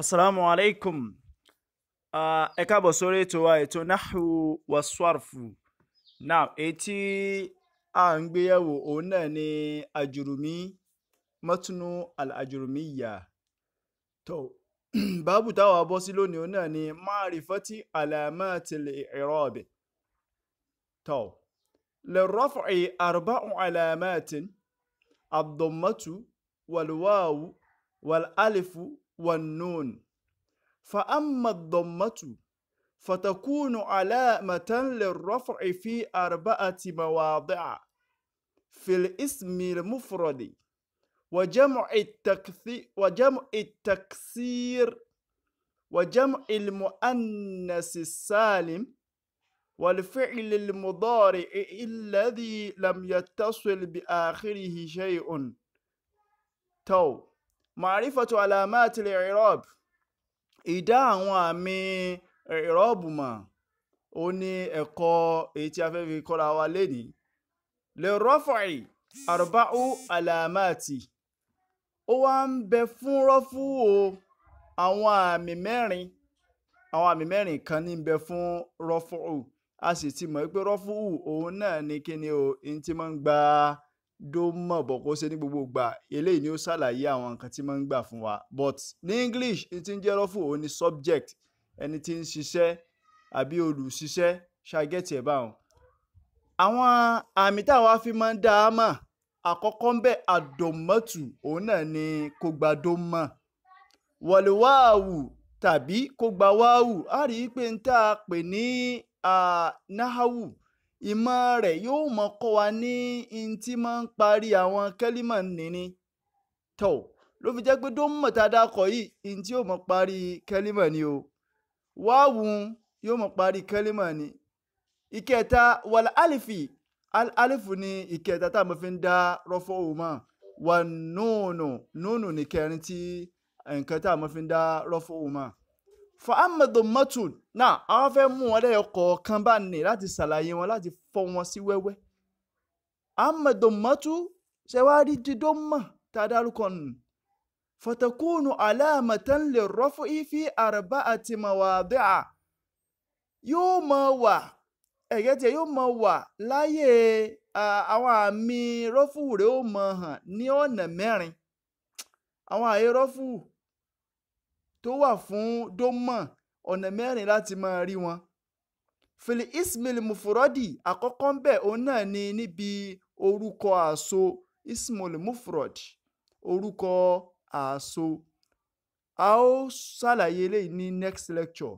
asalaamu alaikum ẹ káàbọ̀ sórí ètò wa ètò nahwu wa swarfu now etí a ń gbéyẹ̀wò òun náà ni àjùrùmí mọ́túnú àjùrùmí ìyá tó báàbù táwa bọ́ sí lónìí òun náà ni ma'rifati alamatil i'rab tó lirraf'i arba'u alamatin ad-dammatu wal wawu wal alifu والنون فأما الضمة فتكون علامة للرفع في أربعة مواضع في الاسم المفرد وجمع التكثير وجمع التكسير وجمع المؤنث السالم والفعل المضارع الذي لم يتصل بآخره شيء تو màrífọ̀tò alamatilẹ̀ ìrọ́b ìdá àwọn àmì ìrọ́b ma ó ní ẹ̀kọ́ èyí tí a fẹ́ fi kọ́ra wa lénìí lè rọ́fọ̀ì arba'u alamati ó wá ń bẹ fún rọ́fù o àwọn àmì mẹ́rin àwọn àmì mẹ́rin kan ní bẹ fún rọ́fù a sì ti mọ̀ pé rọ́fù òun náà ni kí o ní ti máa ń gba dómọ̀bọ̀ kó ṣe ní gbogbo ìgbà eléyìí ni ó ṣàlàyé àwọn nǹkan tí máa ń gbà fún wa but ní English n ti ń jẹ́ rọ́fù òun ni subject ẹni tí ń ṣiṣẹ́ àbí olùṣiṣẹ́ ṣàgẹ́tì ẹ̀ báwọn. àwọn àmì táwa fi máa ń dá a mọ̀ àkọ́kọ́ ń bẹ̀ àdòmọ́tù òun náà ni kó gba dómọ̀ wọ̀lúwàáwù tàbí kó gba wáwù á rí i pé n tá a pè ní náhàwù. Uh, ìmọ̀ rẹ̀ yóò mọ kọ́ wa ní in tí máa ń parí àwọn kẹ́límà nìní tó ló fi jẹ́ pé dómọ̀ tá a dákọ̀ yìí in tí yóò mọ parí kẹ́límà ni o wáwù yóò mọ parí kẹ́límà ni ìkẹta wàlá àlìfì àlìfù ni ìkẹta tá a mọ̀ fi ń dá rọ́fọ́ òun wà nùnù nùnù ní kẹrin tí nǹkan tá a mọ̀ fi ń dá rọ́fọ́ òun fa amadu matun náà àwọn fẹ́ mú wọn lẹ́yọ kọ̀ọ̀kan bá nì láti ṣàlàyé wọn láti fọ́ wọn sí wẹ́wẹ́ amadu matu ṣe wá rí dídó mọ̀ tá a dárúkọ nù fatakunu alamatan lè rọ́fù ifi àrùbá àti mawadi'a yóò máa wà ẹ̀gẹ́ tiẹ̀ yóò máa wà láyé àwọn àmì rọ́fù rẹ̀ ó máa hàn ní ọ̀nà mẹ́rin àwọn àyè rọ́fù tó wà fún dómọ̀ ọ̀nà mẹ́rin láti máa rí wọn fili ismail mufurodi àkọ́kọ́ ń bẹ̀ òun náà ni níbi orúkọ àṣọ ismail mufurod orúkọ àṣọ a ó ṣàlàyé eléyìí ní next lecture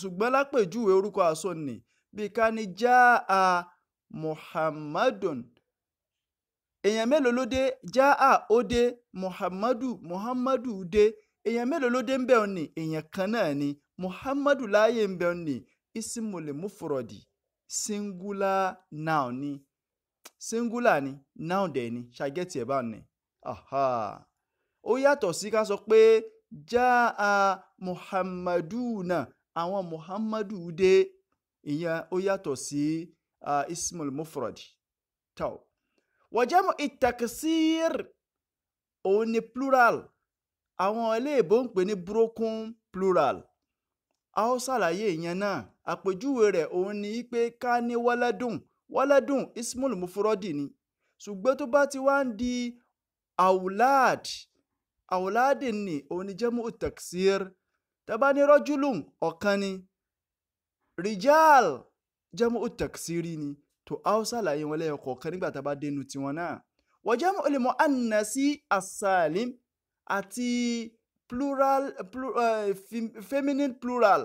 ṣùgbọ́n lápèjúwe orúkọ àṣọ ni bí ká ní jáà muhammadun èèyàn mélòó ló dé jáà ó dé muhammadu muhammadu dé èèyàn mélòó ló dé ń bẹ̀ ọ́ ni èèyàn kan náà ni muhammadu láàyè ń bẹ̀ ọ́ ni isimole mufurodi singular noun ni singular ni noun dẹ̀ ni ṣàgẹ́tì ẹ̀ bá ni ó yàtọ̀ sí ká sọ pé jáà muhammadu náà àwọn muhammadu dé ìyẹn ó yàtọ̀ sí uh, ismul mufurodi tau wọ́n jẹ́ mu ìtàkìsír òun ni plural àwọn eléèbó ń pè ní broken plural a ó ṣàlàyé ìyẹn náà àpèjúwe rẹ̀ òun ni pé ká ní wọ́lẹ́dùn wọ́lẹ́dùn ismul mufurọ́dì ni ṣùgbọ́n tó bá ti wá ń di awlad awladi ni òun ni jẹ́mú taksir tẹ́bá ní rọ́júlùm ọ̀kan ni rijal jẹ́mú taksiri ni tó a ó ṣàlàyé wọn lẹ́yọ̀ kọ̀ọ̀kan nígbà tá a bá dénú tiwọn náà wọ́n jẹ́mú olùmọ̀ ànàsí asálìm àti plural plu uh, feminine plural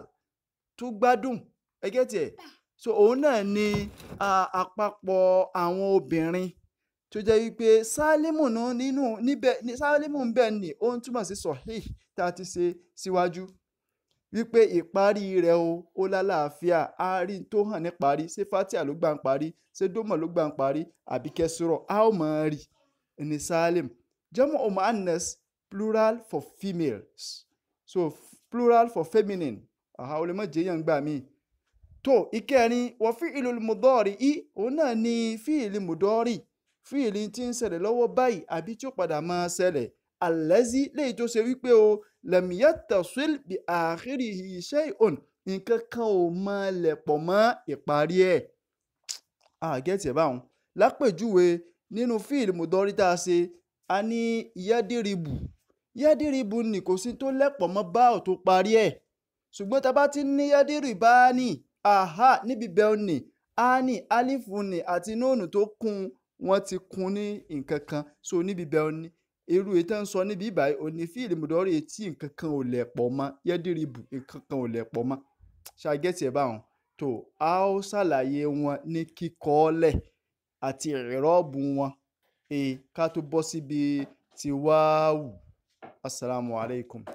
tó gbádùn ẹ gẹ́tì ẹ̀ ah. so òun náà ni àpapọ̀ àwọn obìnrin tó jẹ́ wípé sálímù náà nínú níbẹ̀ sálímù ń bẹ̀ ni ó ń túmọ̀ sí sọ̀hí tá a ti ṣe síwájú wípé ìparí rẹ̀ o ó lálàáfíà a rí n tó hàn ní parí ṣé fatia ló gbà ń parí ṣé dómọ̀ ló gbà ń parí àbí kẹsùrọ̀ a ó mọ̀ ọ́n rí ní sálímù jẹ́mu ọmọ anes plural for females so plural for feminine Aha, o lè mọ̀ jẹ́yàn gbà mí. tó ìkẹrin wọ́n fi ìlú mùdọ́ọ̀rì í òun náà ni fíìlì mùdọ́ọ̀rì fíìlì tí ń ṣẹlẹ̀ lọ́wọ́ báyìí àbí tí ó padà máa ṣẹlẹ̀ àlẹ́sí léyìí tó ṣe wípé o lẹ́mìíyà tẹ̀síl bí àkírí iṣẹ́ ìhòn nǹkan kan ò mọ̀ lẹ̀ pọ̀ mọ́ ìparí ẹ̀ àgẹ́tì ẹ̀ báwọn lápèjúwe nínú fíìlì mùdọ́ọ̀rì tá a ṣe a ní yẹ́dìrìbù yádìrìbù ni kò sí tó lẹ́pọ̀ mọ́ bá ò tó parí ẹ̀ ṣùgbọ́n tá a bá ti ní yádìrì bá a ní àhá níbi bẹ́ẹ̀ ni a ní alifu ni àti nóònù tó kún wọ́n ti kún ní nǹkan kan so níbi bẹ́ẹ̀ ni irú ètò ń sọ níbi ìbáyé òní fíìlì mùdọ́rì etí nǹkan kan ò lẹ̀pọ̀ mọ́ yádìrìbù nǹkan kan ò lẹ̀pọ̀ mọ́ ṣàgẹ́tì ẹ̀ báwọn tó a ó ṣàlàyé wọn ní kíkọ́ọ́lẹ̀ àti ìrọ́ọ̀bù wọn ká tó bọ́ síbi tiwáwù. السلام عليكم